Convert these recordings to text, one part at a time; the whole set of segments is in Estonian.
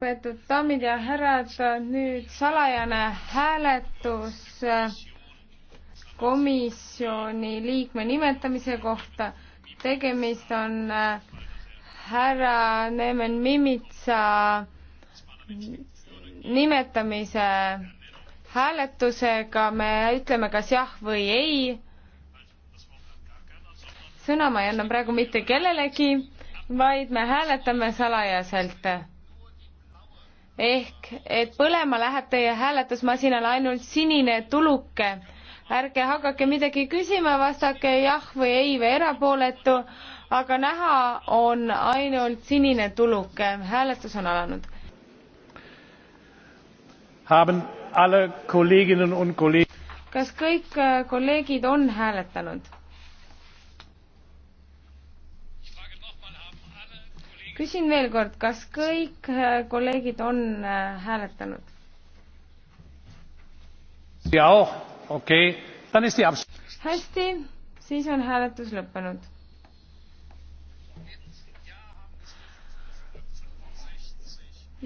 lugupeetud daamid ja härrad, nüüd salajane hääletus komisjoni liikme nimetamise kohta. tegemist on äh, härra Neemen Mimitsa nimetamise hääletusega, me ütleme kas jah või ei. sõna ma ei anna praegu mitte kellelegi, vaid me hääletame salajaselt ehk et põlema läheb teie hääletusmasinal ainult sinine tuluke. ärge hakake midagi küsima, vastake jah või ei või erapooletu, aga näha on ainult sinine tuluke. hääletus on alanud. kas kõik äh, kolleegid on hääletanud? küsin veel kord, kas kõik äh, kolleegid on äh, hääletanud? Okay. hästi, siis on hääletus lõppenud.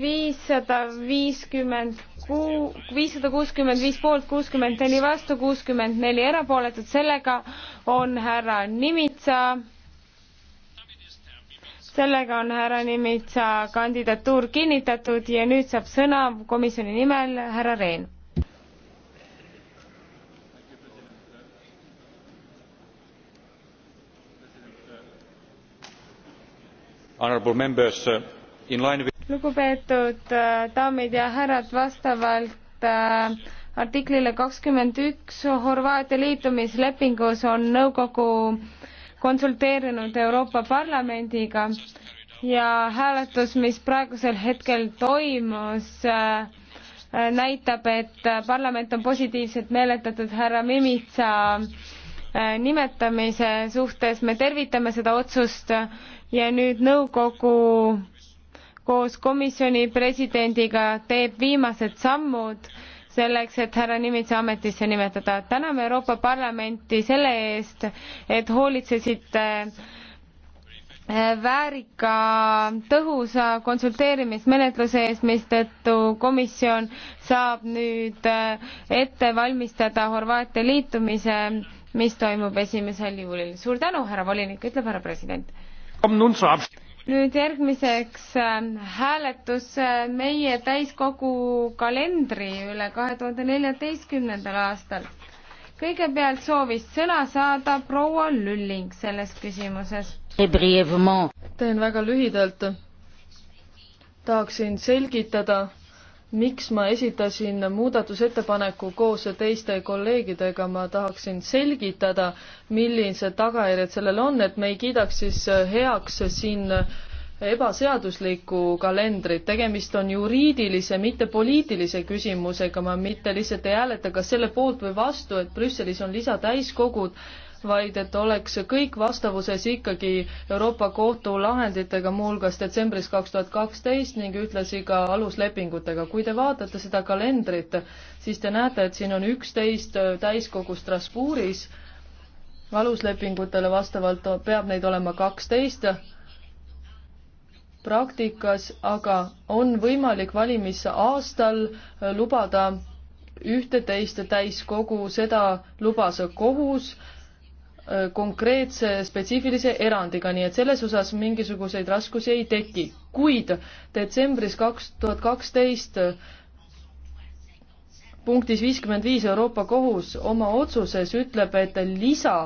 viissada viiskümmend kuu-, viissada kuuskümmend viis poolt, kuuskümmend neli vastu, kuuskümmend neli erapooletut, sellega on härra Nimitsa sellega on härra Nimitsa kandidatuur kinnitatud ja nüüd saab sõna komisjoni nimel härra Rehn. Uh, lugupeetud uh, daamid ja härrad, vastavalt uh, artiklile kakskümmend üks Horvaatia liitumislepingus on nõukogu konsulteerinud Euroopa Parlamendiga ja hääletus, mis praegusel hetkel toimus, äh, näitab, et parlament on positiivselt meeletatud härra Mimitsa äh, nimetamise suhtes. me tervitame seda otsust ja nüüd nõukogu koos komisjoni presidendiga teeb viimased sammud selleks, et härra Nimitsa ametisse nimetada. täname Euroopa Parlamenti selle eest, et hoolitsesite äh, väärika tõhusa konsulteerimismenetluse eest, mistõttu komisjon saab nüüd äh, ette valmistada Horvaatia liitumise, mis toimub esimesel juulil. suur tänu, härra volinik, ütleb härra president nüüd järgmiseks äh, hääletus äh, meie täiskogu kalendri üle kahe tuhande neljateistkümnendal aastal. kõigepealt soovis sõna saada proua Lülling selles küsimuses. teen väga lühidalt. tahaksin selgitada miks ma esitasin muudatusettepaneku koos teiste kolleegidega, ma tahaksin selgitada, millised tagajärjed sellel on, et me ei kiidaks siis heaks siin ebaseaduslikku kalendrit, tegemist on juriidilise, mitte poliitilise küsimusega, ma mitte lihtsalt ei hääleta kas selle poolt või vastu, et Brüsselis on lisatäiskogud, vaid et oleks kõik vastavuses ikkagi Euroopa Kohtu lahenditega, muuhulgas detsembris kaks tuhat kaksteist ning ühtlasi ka aluslepingutega. kui te vaatate seda kalendrit, siis te näete, et siin on üksteist täiskogu Strasbourgis, aluslepingutele vastavalt peab neid olema kaksteist, praktikas aga on võimalik valimisaastal lubada ühteteist täiskogu, seda lubas kohus Äh, konkreetse spetsiifilise erandiga, nii et selles osas mingisuguseid raskusi ei teki. kuid detsembris kaks tuhat kaksteist punktis viiskümmend viis Euroopa Kohus oma otsuses ütleb, et lisa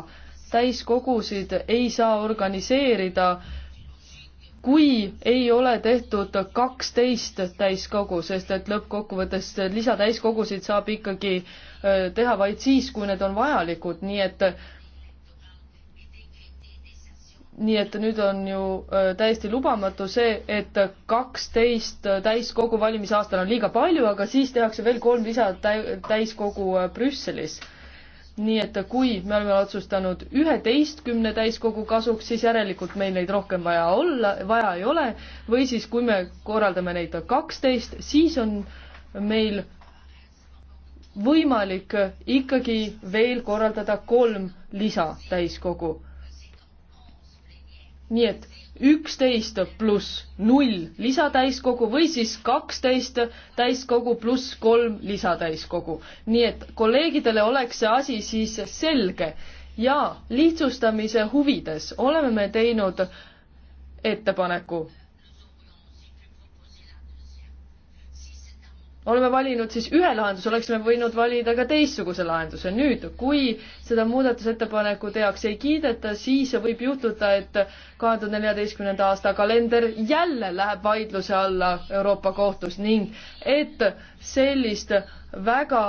täiskogusid ei saa organiseerida kui ei ole tehtud kaksteist täiskogu, sest et lõppkokkuvõttes lisatäiskogusid saab ikkagi äh, teha vaid siis, kui need on vajalikud, nii et nii et nüüd on ju äh, täiesti lubamatu see, et kaksteist äh, täiskogu valimisaastal on liiga palju, aga siis tehakse veel kolm lisa täiskogu äh, Brüsselis. nii et kui me oleme otsustanud üheteistkümne täiskogu kasuks, siis järelikult meil neid rohkem vaja olla, vaja ei ole, või siis kui me korraldame neid kaksteist, siis on meil võimalik ikkagi veel korraldada kolm lisa täiskogu nii et üksteist pluss null lisatäiskogu või siis kaksteist täiskogu pluss kolm lisatäiskogu. nii et kolleegidele oleks see asi siis selge ja lihtsustamise huvides oleme me teinud ettepaneku oleme valinud siis ühe lahenduse, oleksime võinud valida ka teistsuguse lahenduse. nüüd, kui seda muudatusettepanekut heaks ei kiideta, siis võib juhtuda, et kahe tuhande neljateistkümnenda aasta kalender jälle läheb vaidluse alla Euroopa Kohtus ning et sellist väga,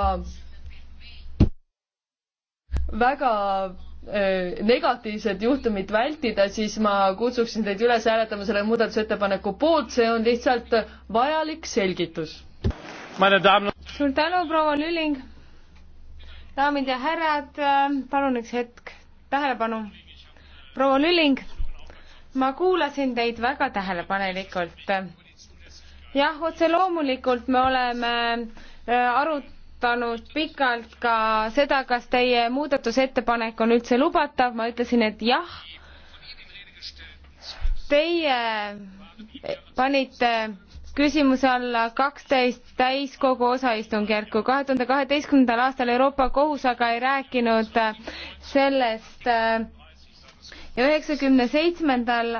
väga äh, negatiivset juhtumit vältida, siis ma kutsuksin teid üles hääletama selle muudatusettepaneku poolt, see on lihtsalt vajalik selgitus suur tänu, proua Lüling. daamid ja härrad, äh, palun üks hetk tähelepanu. proua Lüling, ma kuulasin teid väga tähelepanelikult. jah, otse loomulikult me oleme arut-, äh, arutanud pikalt ka seda, kas teie muudatusettepanek on üldse lubatav, ma ütlesin, et jah. Teie panite küsimuse alla kaksteist täiskogu osaistungjärku. kahe tuhande kaheteistkümnendal aastal Euroopa Kohus aga ei rääkinud äh, sellest äh, ja üheksakümne seitsmendal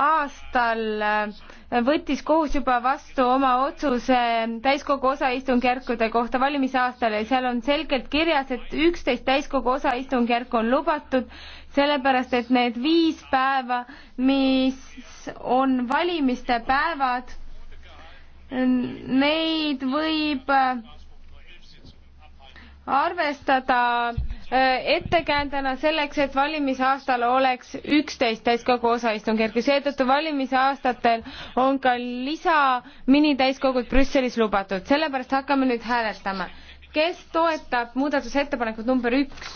aastal äh, võttis kohus juba vastu oma otsuse täiskogu osaistungjärkude kohta valimisaastal ja seal on selgelt kirjas, et üksteist täiskogu osaistungjärku on lubatud sellepärast, et need viis päeva, mis on valimiste päevad, neid võib äh, arvestada äh, ettekäändena selleks, et valimisaastal oleks üksteist täiskogu osaistungjärgu, seetõttu valimisaastatel on ka lisa minitäiskogud Brüsselis lubatud, sellepärast hakkame nüüd hääletama. kes toetab muudatusettepanekut number üks?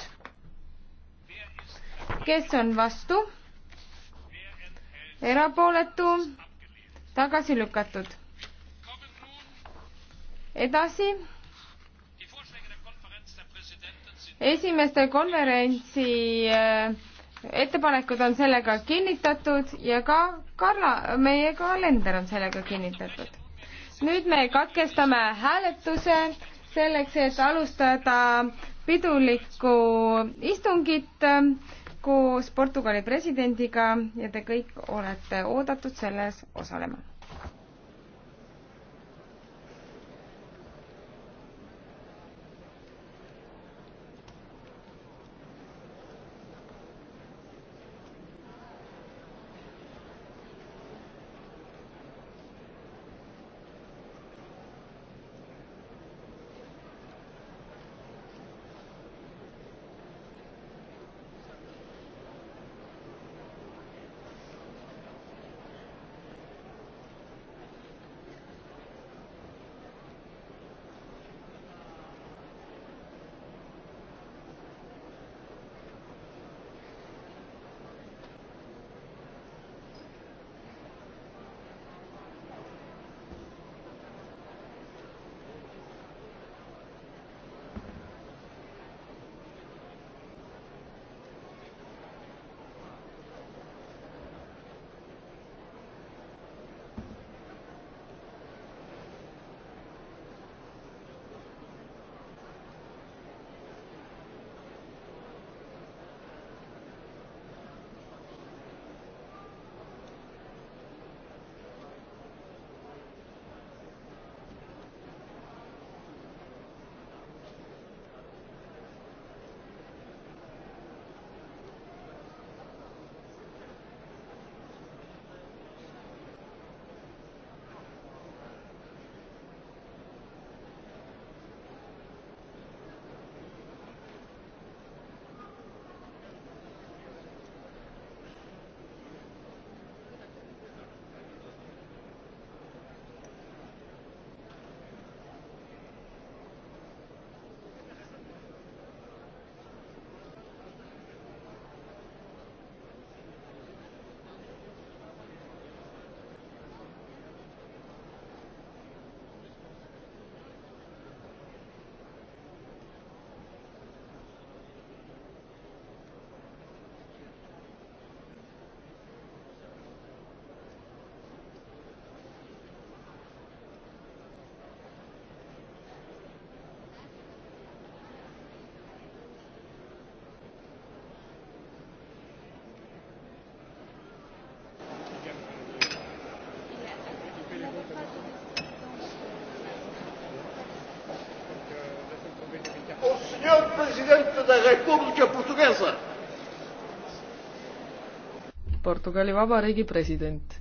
kes on vastu? erapooletu? tagasi lükatud edasi. esimeste konverentsi äh, ettepanekud on sellega kinnitatud ja ka Karla, meie kalender on sellega kinnitatud. nüüd me katkestame hääletuse selleks, et alustada pidulikku istungit äh, koos Portugali presidendiga ja te kõik olete oodatud selles osalema Senhor Presidente da República Portuguesa. Portugali Vabariigi president.